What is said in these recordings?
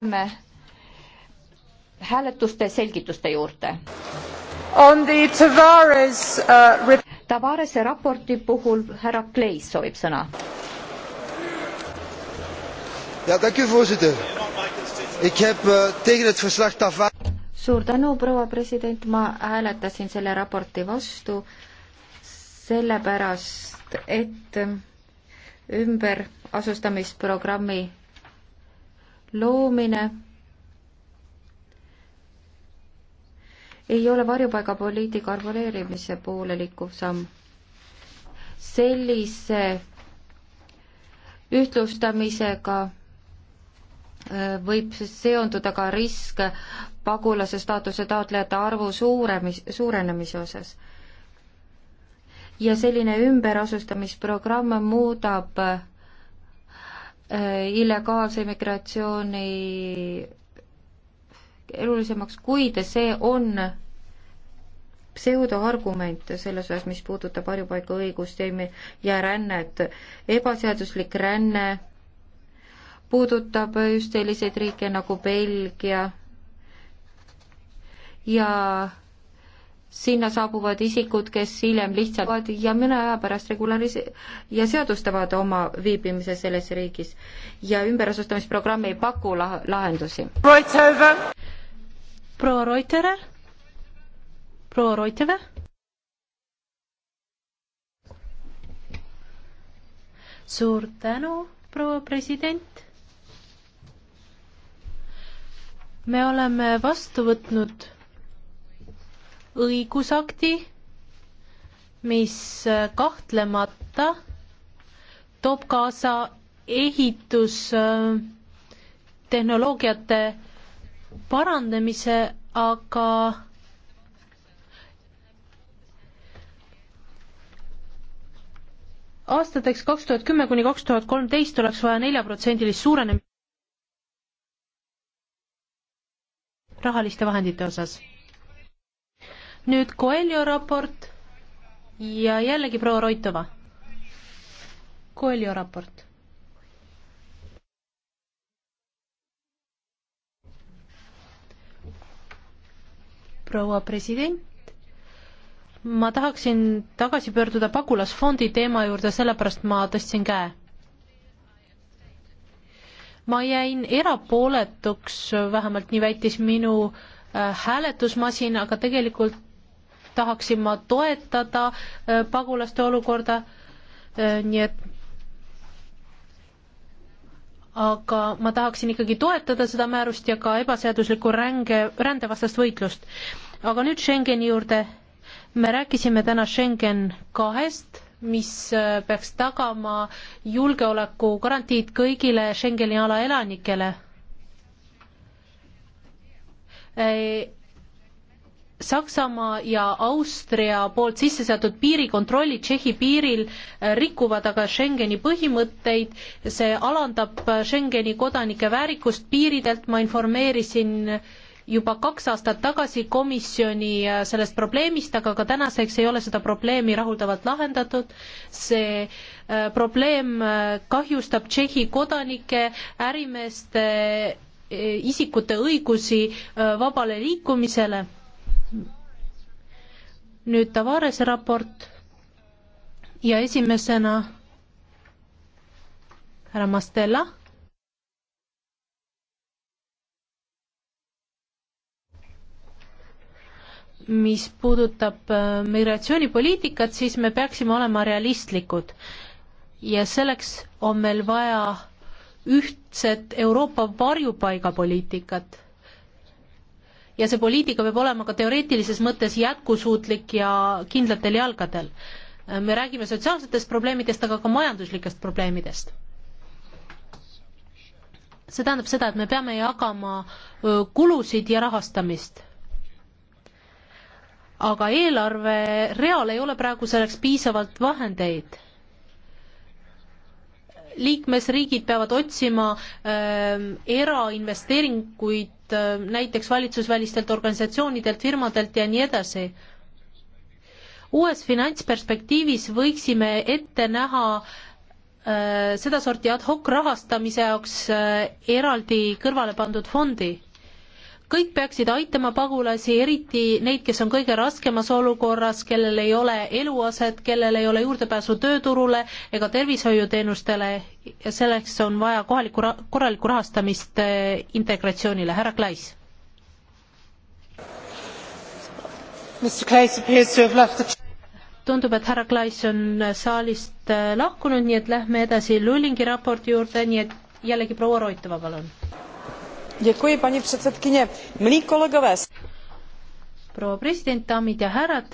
läheme hääletuste selgituste juurde. Tavares uh, Tavarese raporti puhul härra Kleis soovib sõna. ja tänku, voorzitter. Ik heb uh, tegen het verslag Tavares suur tänu, proua president, ma hääletasin selle raporti vastu sellepärast, et ümberasustamisprogrammi loomine ei ole varjupaigapoliitika arvoleerimise poole liikuv samm. sellise ühtlustamisega äh, võib seonduda ka risk pagulase staatuse taotlejate arvu suuremis, suurenemise osas. ja selline ümberasustamisprogramm muudab äh, Äh, illegaalse immigratsiooni elulisemaks, kuid see on pseudoargument selles osas, mis puudutab varjupaigaõigust ja, ja rännet. ebaseaduslik ränne puudutab just selliseid riike nagu Belgia ja sinna saabuvad isikud, kes hiljem lihtsalt ja mõne aja pärast regularis- ja seadustavad oma viibimise selles riigis. ja ümberasustamisprogramm ei paku lah-, lahendusi. proua Reutere? proua Reutere? suur tänu, proua president. me oleme vastu võtnud õigusakti, mis kahtlemata toob kaasa ehitustehnoloogiate parandamise, aga aastateks kaks tuhat kümme kuni kaks tuhat kolmteist oleks vaja neljaprotsendilist suurenemist rahaliste vahendite osas nüüd Coelho raport ja jällegi proua Roitova. Coelho raport. proua president, ma tahaksin tagasi pöörduda pagulasfondi teema juurde, sellepärast ma tõstsin käe ma jäin erapooletuks, vähemalt nii väitis minu äh, hääletusmasin äh,, aga tegelikult tahaksin ma toetada äh, pagulaste olukorda, äh, nii et aga ma tahaksin ikkagi toetada seda määrust ja ka ebaseaduslikku ränge, rändevastast võitlust. aga nüüd Schengeni juurde. me rääkisime täna Schengen kahest, mis äh, peaks tagama julgeoleku garantiid kõigile Schengeni ala elanikele Saksamaa ja Austria poolt sisse seatud piirikontrollid Tšehhi piiril äh, rikuvad aga Schengeni põhimõtteid, see alandab äh, Schengeni kodanike väärikust piiridelt, ma informeerisin äh, juba kaks aastat tagasi komisjoni sellest probleemist, aga ka tänaseks ei ole seda probleemi rahuldavalt lahendatud. see probleem kahjustab Tšehhi kodanike, ärimeeste, isikute õigusi vabale liikumisele nüüd Tavarese raport ja esimesena härra Mastella. mis puudutab äh, migratsioonipoliitikat, siis me peaksime olema realistlikud ja selleks on meil vaja ühtset Euroopa varjupaigapoliitikat ja see poliitika peab olema ka teoreetilises mõttes jätkusuutlik ja kindlatel jalgadel. me räägime sotsiaalsetest probleemidest, aga ka majanduslikest probleemidest. see tähendab seda, et me peame jagama kulusid ja rahastamist aga eelarvereal ei ole praegu selleks piisavalt vahendeid liikmesriigid peavad otsima ähm, erainvesteeringuid ähm, näiteks valitsusvälistelt organisatsioonidelt, firmadelt ja nii edasi uues finantsperspektiivis võiksime ette näha äh, sedasorti ad hoc rahastamise jaoks äh, eraldi kõrvale pandud fondi kõik peaksid aitama pagulasi, eriti neid, kes on kõige raskemas olukorras, kellel ei ole eluaset, kellel ei ole juurdepääsu tööturule ega tervishoiuteenustele ja selleks on vaja kohalikku, korralikku rahastamist eh, integratsioonile. härra Klais. tundub, et härra Klais on eh, saalist eh, lahkunud, nii et lähme edasi Lullingi raporti juurde, nii et jällegi proua Roitova, palun Děkuji, paní předsedkyně. Milí kolegové. proua president, daamid ja härrad,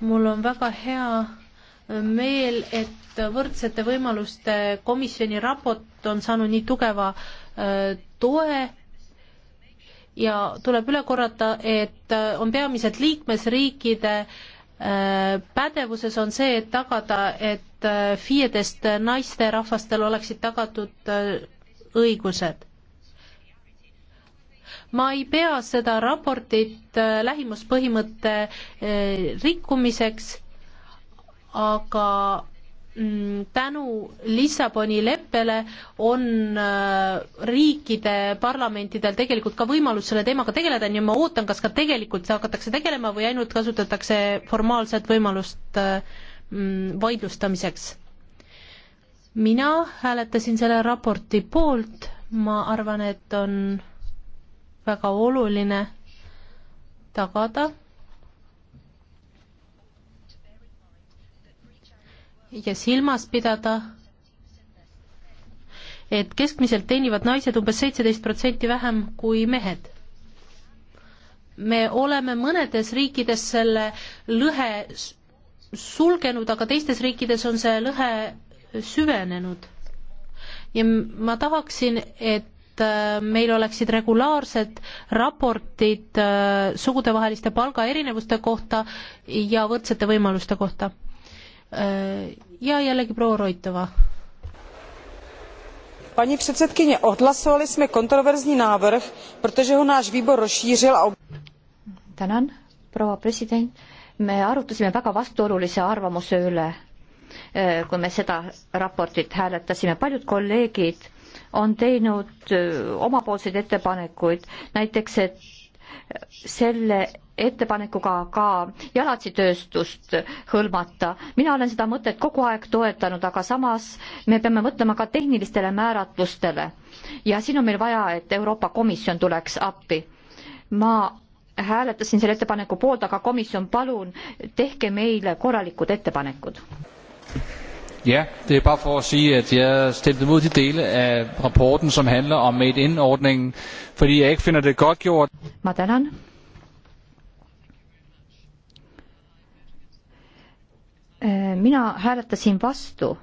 mul on väga hea äh, meel, et võrdsete võimaluste komisjoni raport on saanud nii tugeva äh, toe ja tuleb üle korrata, et äh, on peamiselt liikmesriikide pädevuses on see, et tagada, et FIE-dest naisterahvastel oleksid tagatud õigused ma ei pea seda raportit äh, lähimuspõhimõtte äh, rikkumiseks, aga mm, tänu Lissaboni leppele on äh, riikide parlamentidel tegelikult ka võimalus selle teemaga tegeleda, nii ma ootan, kas ka tegelikult hakatakse tegelema või ainult kasutatakse formaalset võimalust mm, vaidlustamiseks. mina hääletasin selle raporti poolt, ma arvan, et on väga oluline tagada ja silmas pidada, et keskmiselt teenivad naised umbes seitseteist protsenti vähem kui mehed. me oleme mõnedes riikides selle lõhe sulgenud, aga teistes riikides on see lõhe süvenenud. ja ma tahaksin, et et äh, meil oleksid regulaarsed raportid äh, sugudevaheliste palgaerinevuste kohta ja võrdsete võimaluste kohta. Äh, ja jällegi proua Roitova. Paní předsedkyně, odhlasovali jsme kontroverzní návrh, protože ho náš výbor rozšířil a... Tänan, proua president. Me arutasime väga vastuolulise arvamuse üle, kui me seda raportit hääletasime. Paljud kolleegid on teinud omapoolseid ettepanekuid, näiteks et selle ettepanekuga ka jalatsitööstust hõlmata. mina olen seda mõtet kogu aeg toetanud, aga samas me peame mõtlema ka tehnilistele määratlustele ja siin on meil vaja, et Euroopa Komisjon tuleks appi. ma hääletasin selle ettepaneku poolt, aga komisjon, palun tehke meile korralikud ettepanekud. Ja, det er bare for at sige, at jeg stemte imod de dele af rapporten, som handler om made-in-ordningen, fordi jeg ikke finder det godt gjort. Ma tänan. Eh, mina hääletasin vastu,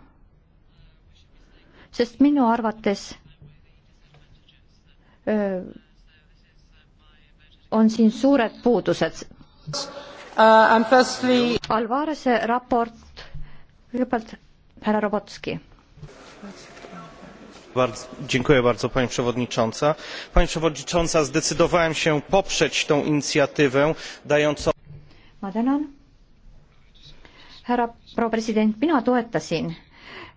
sest minu arvates eh, on siin suured puudused. Uh, firstly... Alvarese raport kõigepealt härra Robotski. Dziękuję bardzo Pani Przewodnicząca. Pani Przewodnicząca, zdecydowałem się poprzeć tą inicjatywę dającą... Ma tänan. Härra proua president, mina toetasin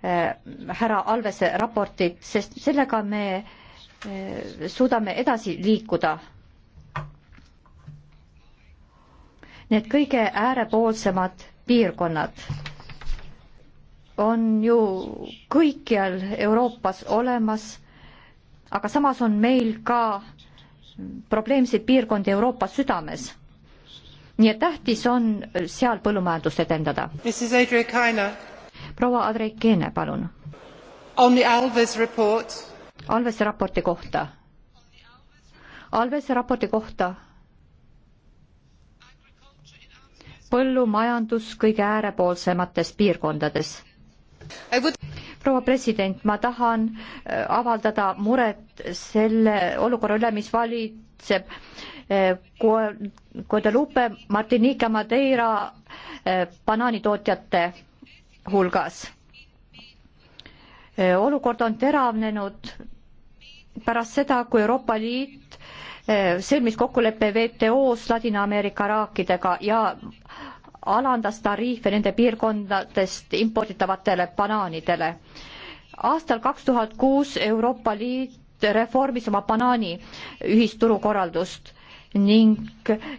äh, härra Alvese raportit, sest sellega me äh, suudame edasi liikuda need kõige äärepoolsemad piirkonnad on ju kõikjal Euroopas olemas, aga samas on meil ka probleemseid piirkondi Euroopa südames. nii et tähtis on seal põllumajandust edendada. proua Adreikene, palun. Alves, Alves raporti kohta. Alves raporti kohta. põllumajandus kõige äärepoolsemates piirkondades Would... proua president, ma tahan äh, avaldada muret selle olukorra üle, mis valitseb äh, Guadalupe, Martinique, Madeira äh, banaanitootjate hulgas. olukord on teravnenud pärast seda, kui Euroopa Liit sõlmis kokkuleppe WTO-s Ladina-Ameerika raakidega ja alandas tariife nende piirkondadest imporditavatele banaanidele. aastal kaks tuhat kuus Euroopa Liit reformis oma banaani ühisturu korraldust ning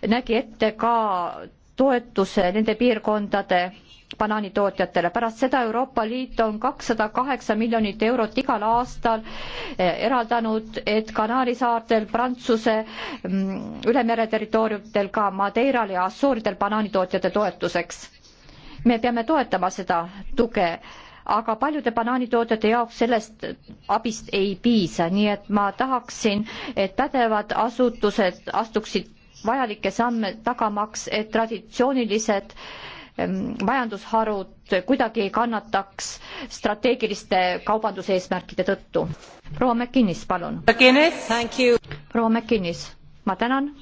nägi ette ka toetuse nende piirkondade banaanitootjatele. pärast seda Euroopa Liit on kakssada kaheksa miljonit eurot igal aastal eh, eraldanud, et Kanaari saartel, Prantsuse mm, üle mere territooriumitel, ka Madeiral ja Assuuridel banaanitootjate toetuseks. me peame toetama seda tuge, aga paljude banaanitootjate jaoks sellest abist ei piisa, nii et ma tahaksin, et pädevad asutused astuksid vajalikke samme tagamaks, et traditsioonilised ehm, majandusharud kuidagi ei kannataks strateegiliste kaubanduseesmärkide tõttu. proua McKinnis, palun. proua McKinnis, ma tänan.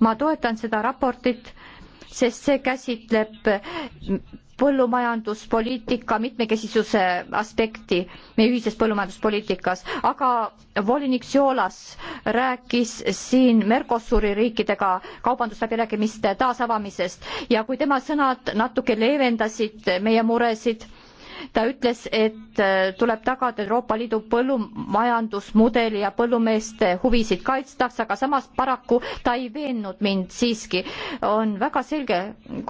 ma toetan seda raportit, sest see käsitleb põllumajanduspoliitika mitmekesisuse aspekti meie ühises põllumajanduspoliitikas, aga volinik Siolas rääkis siin Mercosuri riikidega kaubandusläbirääkimiste taasavamisest ja kui tema sõnad natuke leevendasid meie muresid, ta ütles, et äh, tuleb tagada Euroopa Liidu põllumajandusmudeli ja põllumeeste huvisid kaitstakse, aga samas paraku ta ei veennud mind siiski. on väga selge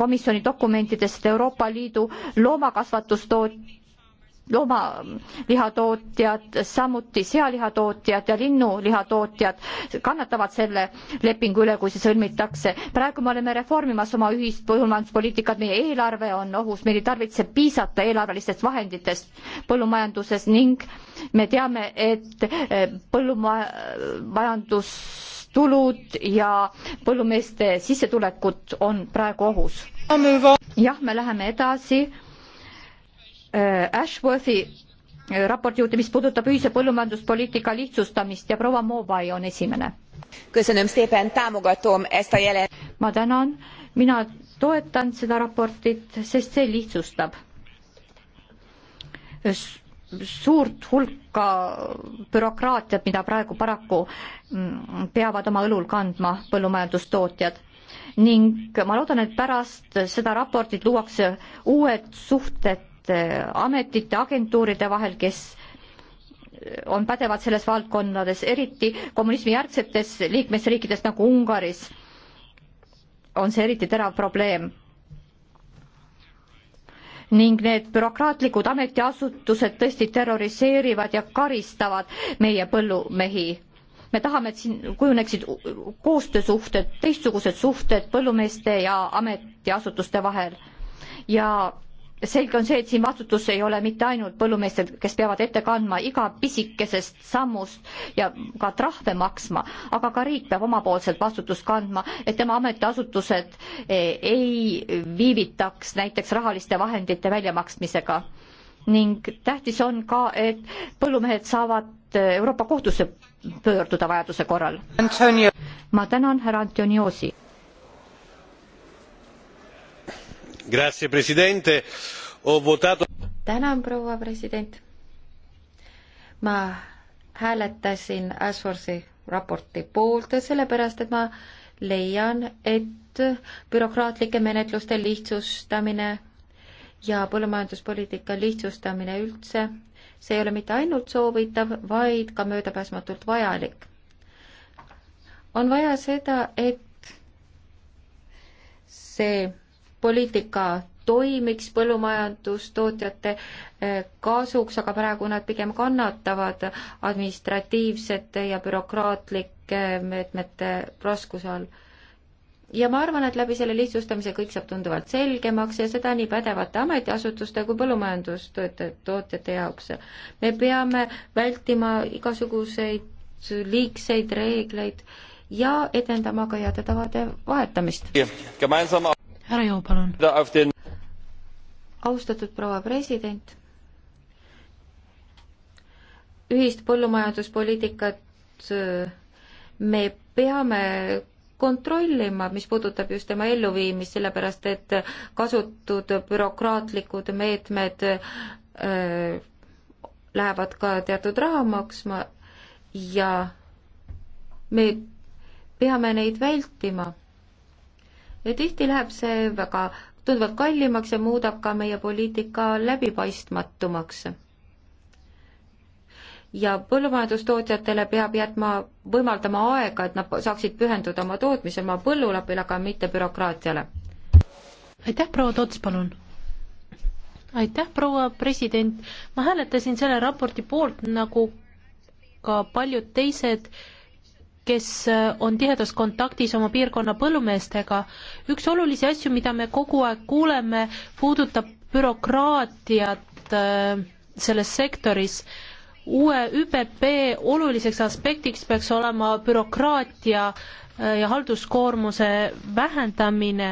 komisjoni dokumentides, et Euroopa Liidu loomakasvatustoot-, loomalihatootjad, samuti sealihatootjad ja linnulihatootjad kannatavad selle lepingu üle, kui see sõlmitakse. praegu me oleme reformimas oma ühist põllumajanduspoliitikat, meie eelarve on ohus, meil ei tarvitse piisata eelarvelistest vahenditest põllumajanduses ning me teame, et eh, põllumajandustulud ja põllumeeste sissetulekud on praegu ohus. jah, me läheme edasi Äh, Ashworthi äh, raporti juurde, mis puudutab ühise põllumajanduspoliitika lihtsustamist ja proua Mobai on esimene. ma tänan, mina toetan seda raportit, sest see lihtsustab suurt hulka bürokraatiat, mida praegu paraku mm, peavad oma õlul kandma põllumajandustootjad ning ma loodan, et pärast seda raportit luuakse uued suhted erinevate äh, ametite, agentuuride vahel, kes äh, on pädevad selles valdkondades, eriti kommunismijärgsetes liikmesriikides nagu Ungaris on see eriti terav probleem. ning need bürokraatlikud ametiasutused tõesti terroriseerivad ja karistavad meie põllumehi me tahame, et siin kujuneksid koostöösuhted, teistsugused suhted põllumeeste ja ametiasutuste vahel. ja selge on see, et siin vastutus ei ole mitte ainult põllumeestel, kes peavad ette kandma iga pisikesest sammust ja ka trahve maksma, aga ka riik peab omapoolselt vastutust kandma, et tema ametiasutused eh, ei viivitaks näiteks rahaliste vahendite väljamaksmisega. ning tähtis on ka, et põllumehed saavad eh, Euroopa Kohtusse pöörduda vajaduse korral. ma tänan, härra Antoniosi tänan, proua president. ma hääletasin Ashworthi raporti poolt sellepärast, et ma leian, et bürokraatlike menetluste lihtsustamine ja põllumajanduspoliitika lihtsustamine üldse, see ei ole mitte ainult soovitav, vaid ka möödapääsmatult vajalik. on vaja seda, et see poliitika toimiks põllumajandustootjate eh, kasuks, aga praegu nad pigem kannatavad administratiivsete ja bürokraatlike meetmete raskuse all. ja ma arvan, et läbi selle lihtsustamise kõik saab tunduvalt selgemaks ja seda nii pädevate ametiasutuste kui põllumajandustootjate jaoks. me peame vältima igasuguseid liigseid reegleid ja edendama ka heade tavade vahetamist härra Joo, palun. austatud proua president, ühist põllumajanduspoliitikat äh, me peame kontrollima, mis puudutab just tema elluviimist, sellepärast et kasutud bürokraatlikud meetmed öö, äh, lähevad ka teatud raha maksma ja me peame neid vältima ja tihti läheb see väga tunduvalt kallimaks ja muudab ka meie poliitika läbipaistmatumaks. ja põllumajandustootjatele peab jätma, võimaldama aega, et nad saaksid pühenduda oma tootmisele, oma põllulapile, aga mitte bürokraatiale. aitäh, proua Tots, palun! aitäh, proua president, ma hääletasin selle raporti poolt, nagu ka paljud teised äh, kes äh, on tihedas kontaktis oma piirkonna põllumeestega. üks olulisi asju, mida me kogu aeg kuuleme, puudutab bürokraatiat äh, selles sektoris. uue ÜPP oluliseks aspektiks peaks olema bürokraatia äh, ja halduskoormuse vähendamine.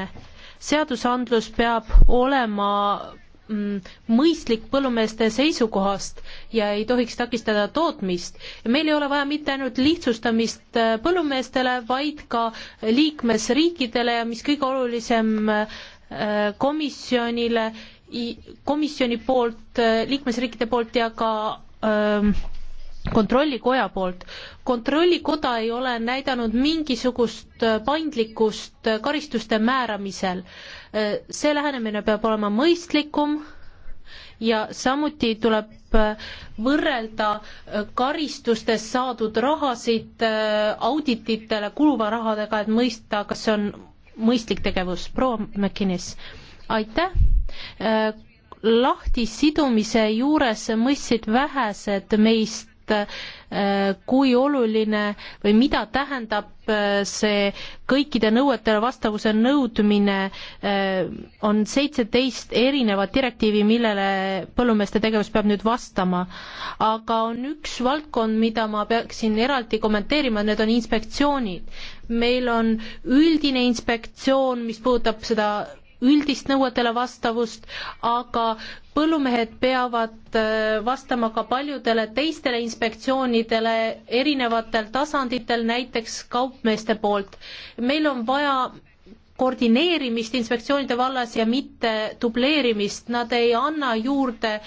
seadusandlus peab olema Mm, mõistlik põllumeeste seisukohast ja ei tohiks takistada tootmist. meil ei ole vaja mitte ainult lihtsustamist äh, põllumeestele, vaid ka liikmesriikidele ja mis kõige olulisem, äh, komisjonile, komisjoni poolt, äh, liikmesriikide poolt ja ka öö, ähm, kontrollikoja poolt. kontrollikoda ei ole näidanud mingisugust äh, paindlikkust äh, karistuste määramisel. Äh, see lähenemine peab olema mõistlikum ja samuti tuleb võrrelda karistustest saadud rahasid audititele kuluva rahadega, et mõista, kas see on mõistlik tegevus. proua McInnes, aitäh lahtisidumise juures mõistsid vähesed meist et äh, kui oluline või mida tähendab äh, see kõikide nõuetele vastavuse nõudmine, äh, on seitseteist erinevat direktiivi, millele põllumeeste tegevus peab nüüd vastama. aga on üks valdkond, mida ma peaksin eraldi kommenteerima, need on inspektsioonid. meil on üldine inspektsioon, mis puudutab seda üldist nõuetele vastavust, aga põllumehed peavad äh, vastama ka paljudele teistele inspektsioonidele erinevatel tasanditel, näiteks kaupmeeste poolt. meil on vaja koordineerimist inspektsioonide vallas ja mitte dubleerimist, nad ei anna juurde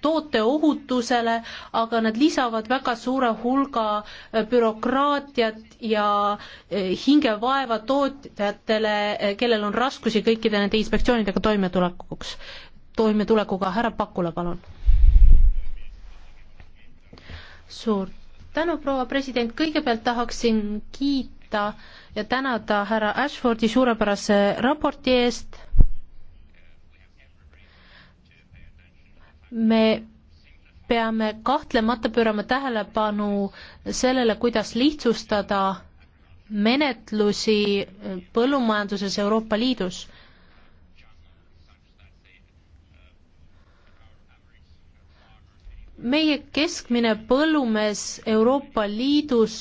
toote ohutusele, aga nad lisavad väga suure hulga bürokraatiat ja hingevaeva tootjatele, kellel on raskusi kõikide nende inspektsioonidega toimetulekuks, toimetulekuga. härra Pakula, palun. suur tänu, proua president, kõigepealt tahaksin kiita ja tänada härra Ashfordi suurepärase raporti eest me peame kahtlemata pöörama tähelepanu sellele, kuidas lihtsustada menetlusi põllumajanduses Euroopa Liidus. meie keskmine põllumees Euroopa Liidus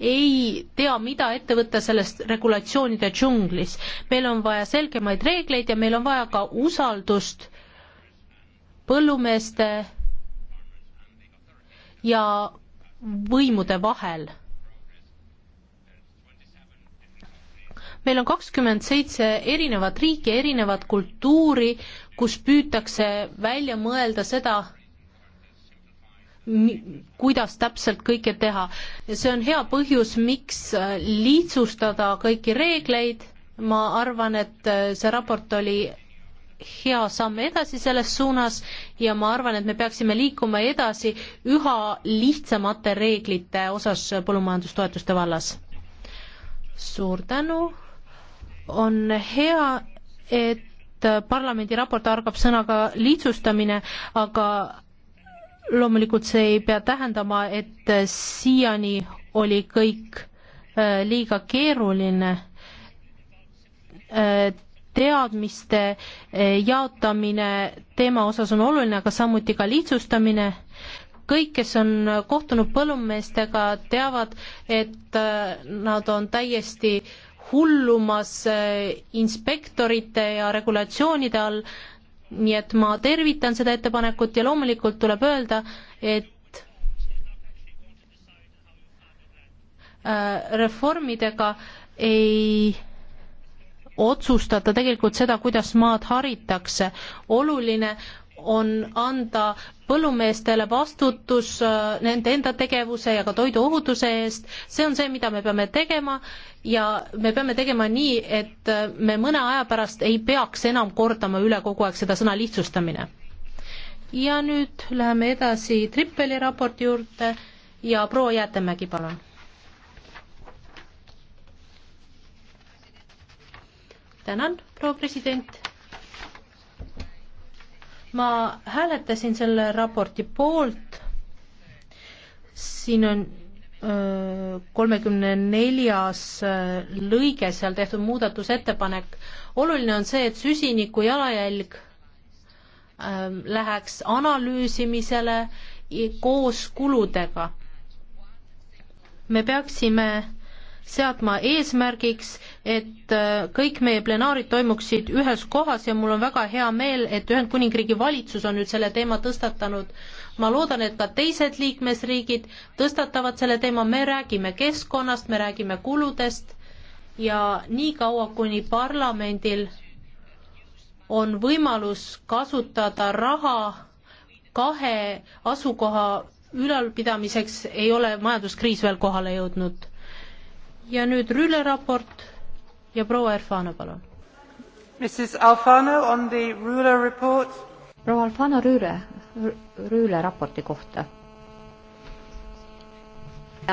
ei tea, mida ette võtta sellest regulatsioonide džunglis. meil on vaja selgemaid reegleid ja meil on vaja ka usaldust põllumeeste ja võimude vahel. meil on kakskümmend seitse erinevat riiki, erinevat kultuuri, kus püütakse välja mõelda seda, kuidas täpselt kõike teha. see on hea põhjus, miks äh, lihtsustada kõiki reegleid, ma arvan, et äh, see raport oli hea samm edasi selles suunas ja ma arvan, et me peaksime liikuma edasi üha lihtsamate reeglite osas põllumajandustoetuste vallas. suur tänu, on hea, et parlamendi raport algab sõnaga lihtsustamine, aga loomulikult see ei pea tähendama, et siiani oli kõik äh, liiga keeruline äh, teadmiste eh, jaotamine teema osas on oluline, aga samuti ka lihtsustamine. kõik, kes on kohtunud põllumeestega, teavad, et eh, nad on täiesti hullumas eh, inspektorite ja regulatsioonide all, nii et ma tervitan seda ettepanekut ja loomulikult tuleb öelda, et reformidega ei äh, otsustada tegelikult seda, kuidas maad haritakse. oluline on anda põllumeestele vastutus äh, nende enda tegevuse ja ka toiduohutuse eest, see on see, mida me peame tegema ja me peame tegema nii, et äh, me mõne aja pärast ei peaks enam kordama üle kogu aeg seda sõna lihtsustamine. ja nüüd läheme edasi Trippeli raporti juurde ja proua Jäätemägi, palun tänan, proua president. ma hääletasin selle raporti poolt. siin on kolmekümne neljas lõige, seal tehtud muudatusettepanek. oluline on see, et süsiniku jalajälg läheks analüüsimisele koos kuludega. me peaksime seadma eesmärgiks, et äh, kõik meie plenaarid toimuksid ühes kohas ja mul on väga hea meel, et Ühendkuningriigi valitsus on nüüd selle teema tõstatanud. ma loodan, et ka teised liikmesriigid tõstatavad selle teema, me räägime keskkonnast, me räägime kuludest ja niikaua, kuni parlamendil on võimalus kasutada raha kahe asukoha ülalpidamiseks, ei ole majanduskriis veel kohale jõudnud ja nüüd Rüle raport ja proua Erfano, palun. proua Alfano Rüüle, Rüüle raporti kohta. E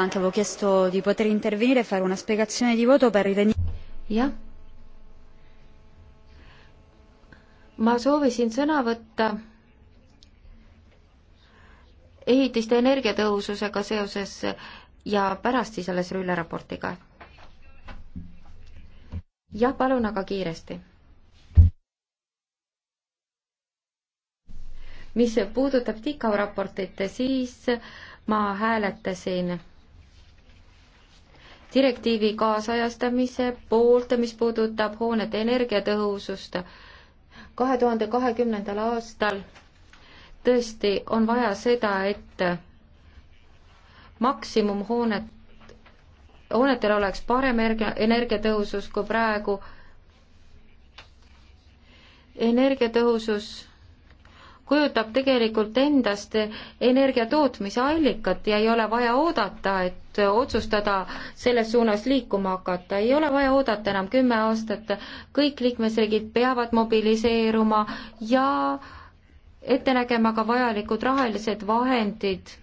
jah. ma soovisin sõna võtta ehitiste energiatõhususega seoses ja pärast siis alles Rüüle raportiga. jah, palun, aga kiiresti. mis puudutab Tikau raportit, siis ma hääletasin direktiivi kaasajastamise poolt, mis puudutab hoonete energiatõhusust kahe tuhande kahekümnendal aastal tõesti on vaja seda, et maksimumhoonet, hoonetel oleks parem energia, energiatõhusus kui praegu. energiatõhusus kujutab tegelikult endast energia tootmise allikat ja ei ole vaja oodata, et otsustada selles suunas liikuma hakata, ei ole vaja oodata enam kümme aastat, kõik liikmesriigid peavad mobiliseeruma ja ette nägema ka vajalikud rahalised vahendid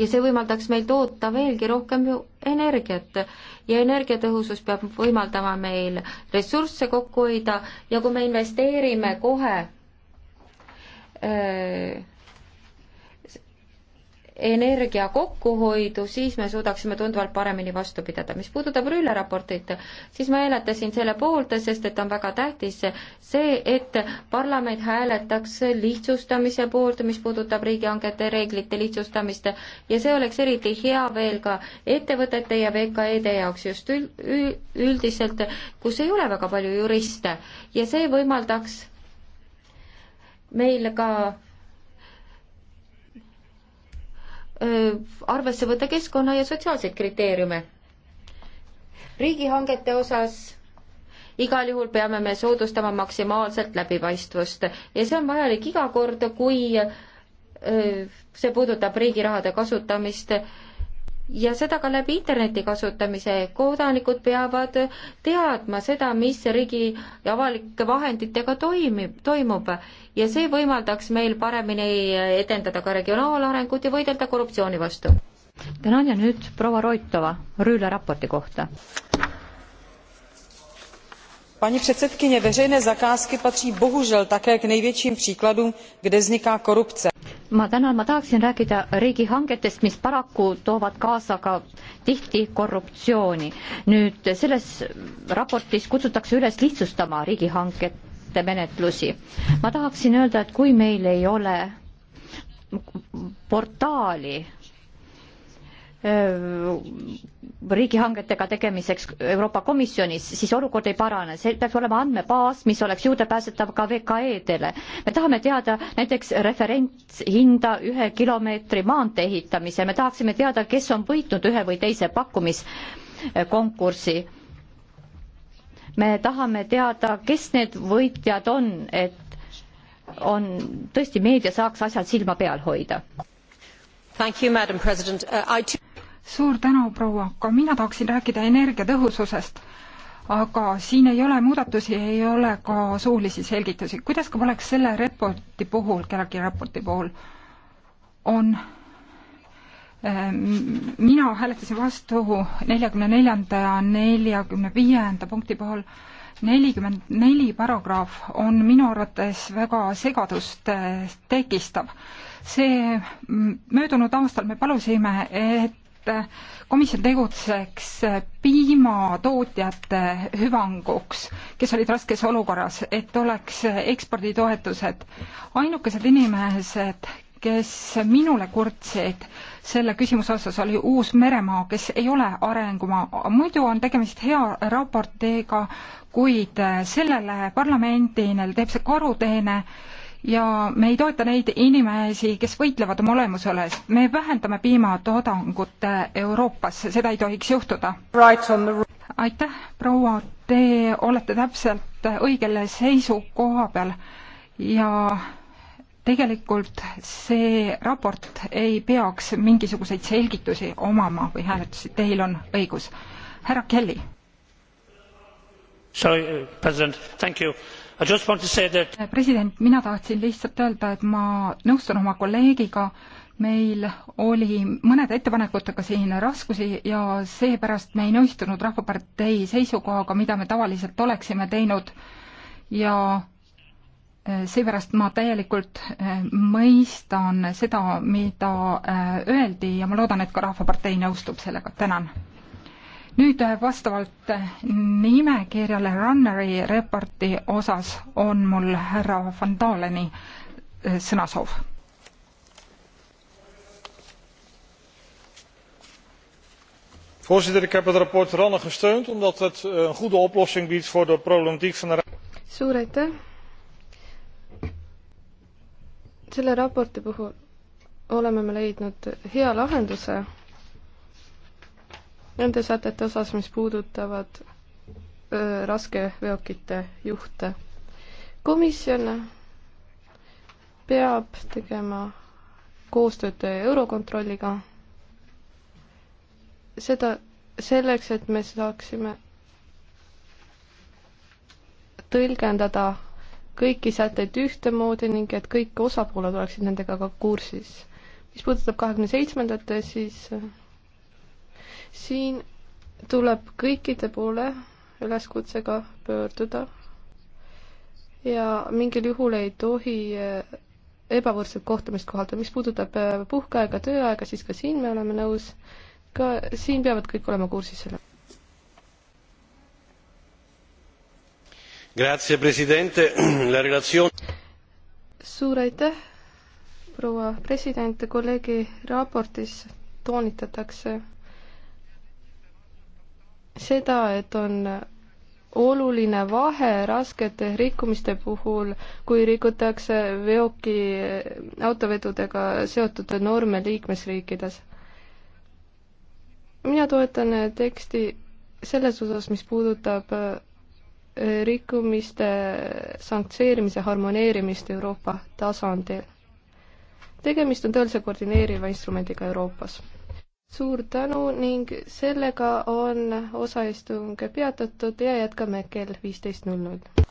ja see võimaldaks meil toota veelgi rohkem ju energiat ja energiatõhusus peab võimaldama meil ressursse kokku hoida ja kui me investeerime kohe öö, äh, energia kokkuhoidu, siis me suudaksime tunduvalt paremini vastu pidada. mis puudutab Rüüle raportit, siis ma hääletasin selle poolt, sest et on väga tähtis see, et parlament hääletaks lihtsustamise poolt, mis puudutab riigihangete reeglite lihtsustamist ja see oleks eriti hea veel ka ettevõtete ja VKE-de jaoks just üldiselt, kus ei ole väga palju juriste ja see võimaldaks meil ka arvesse võtta keskkonna ja sotsiaalseid kriteeriume. riigihangete osas igal juhul peame me soodustama maksimaalselt läbipaistvust ja see on vajalik iga kord, kui see puudutab riigi rahade kasutamist ja seda ka läbi interneti kasutamise. kodanikud peavad teadma seda, mis riigi avalike vahenditega toimib, toimub ja see võimaldaks meil paremini edendada ka regionaalarengut ja võidelda korruptsiooni vastu. tänan ja nüüd proua Roitova Rüüle raporti kohta. Paní předsedkyně, veřejné zakázky patří bohužel také k největším příkladům, kde vzniká korupce ma tänan, ma tahaksin rääkida riigihangetest, mis paraku toovad kaasa ka tihti korruptsiooni. nüüd selles raportis kutsutakse üles lihtsustama riigihangete menetlusi. ma tahaksin öelda, et kui meil ei ole portaali Äh, riigihangetega tegemiseks Euroopa Komisjonis, siis olukord ei parane, see peaks olema andmebaas, mis oleks juurdepääsetav ka VKE-dele. me tahame teada näiteks referentshinda ühe kilomeetri maantee ehitamise, me tahaksime teada, kes on võitnud ühe või teise pakkumiskonkursi. me tahame teada, kes need võitjad on, et on, tõesti meedia saaks asjad silma peal hoida. You, madam president uh, i too suur tänu, proua, ka mina tahaksin rääkida energiatõhususest, aga siin ei ole muudatusi, ei ole ka suulisi selgitusi. kuidas ka poleks selle raporti puhul, kellegi raporti puhul, on ähm, mina hääletasin vastu neljakümne neljanda ja neljakümne viienda punkti puhul nelikümmend neli paragrahv on minu arvates väga segadust äh, tekistav. see möödunud aastal me palusime, et et komisjon tegutseks piimatootjate hüvanguks, kes olid raskes olukorras, et oleks eksporditoetused. ainukesed inimesed, kes minule kurtsid selle küsimuse osas, oli Uus-Meremaa, kes ei ole arengumaa. muidu on tegemist hea raportiga, kuid sellele parlamendile teeb see karuteene ja me ei toeta neid inimesi, kes võitlevad oma olemusele, sest me vähendame piimatoodangut Euroopas, seda ei tohiks juhtuda right. aitäh, proua, te olete täpselt õigel seisukoha peal ja tegelikult see raport ei peaks mingisuguseid selgitusi omama või hääletusi, teil on õigus. härra Kelly. Sorry, uh, president, thank you That... Eh, president, mina tahtsin lihtsalt öelda, et ma nõustun oma kolleegiga, meil oli mõnede ettepanekutega siin raskusi ja seepärast me ei nõustunud Rahvapartei seisukohaga, mida me tavaliselt oleksime teinud ja eh, seepärast ma täielikult eh, mõistan seda, mida öeldi ja ma loodan, et ka Rahvapartei nõustub sellega, tänan nüüd äh, vastavalt nimekirjale Runneri raporti osas on mul härra Van Daleni äh, sõnasoov. voorzitter ik heb het rapport Ranne gesteund omdat het eh, een goede oplossing biedt voor de problematiek van de. suur aitäh. selle raporti puhul oleme me leidnud hea lahenduse nende sätete osas, mis puudutavad öö, raskeveokite juhte. komisjon peab tegema koostööd Eurokontrolliga, seda selleks, et me saaksime tõlgendada kõiki sätteid ühtemoodi ning et kõik osapooled oleksid nendega ka kursis. mis puudutab kahekümne seitsmendat, siis siin tuleb kõikide poole üleskutsega pöörduda ja mingil juhul ei tohi eh, ebavõrdset kohtlemist kohaldada. mis puudutab eh, puhkeaega, tööaega, siis ka siin me oleme nõus, ka siin peavad kõik olema kursis selle. suur aitäh, proua president, kolleegi raportis toonitatakse seda, et on oluline vahe raskete rikkumiste puhul, kui rikutakse veoki autovedudega seotud norme liikmesriikides. mina toetan teksti selles osas, mis puudutab äh, rikkumiste sanktseerimise harmoneerimist Euroopa tasandil. tegemist on tõelise koordineeriva instrumendiga Euroopas suur tänu ning sellega on osaistung peatatud ja jätkame kell viisteist null null.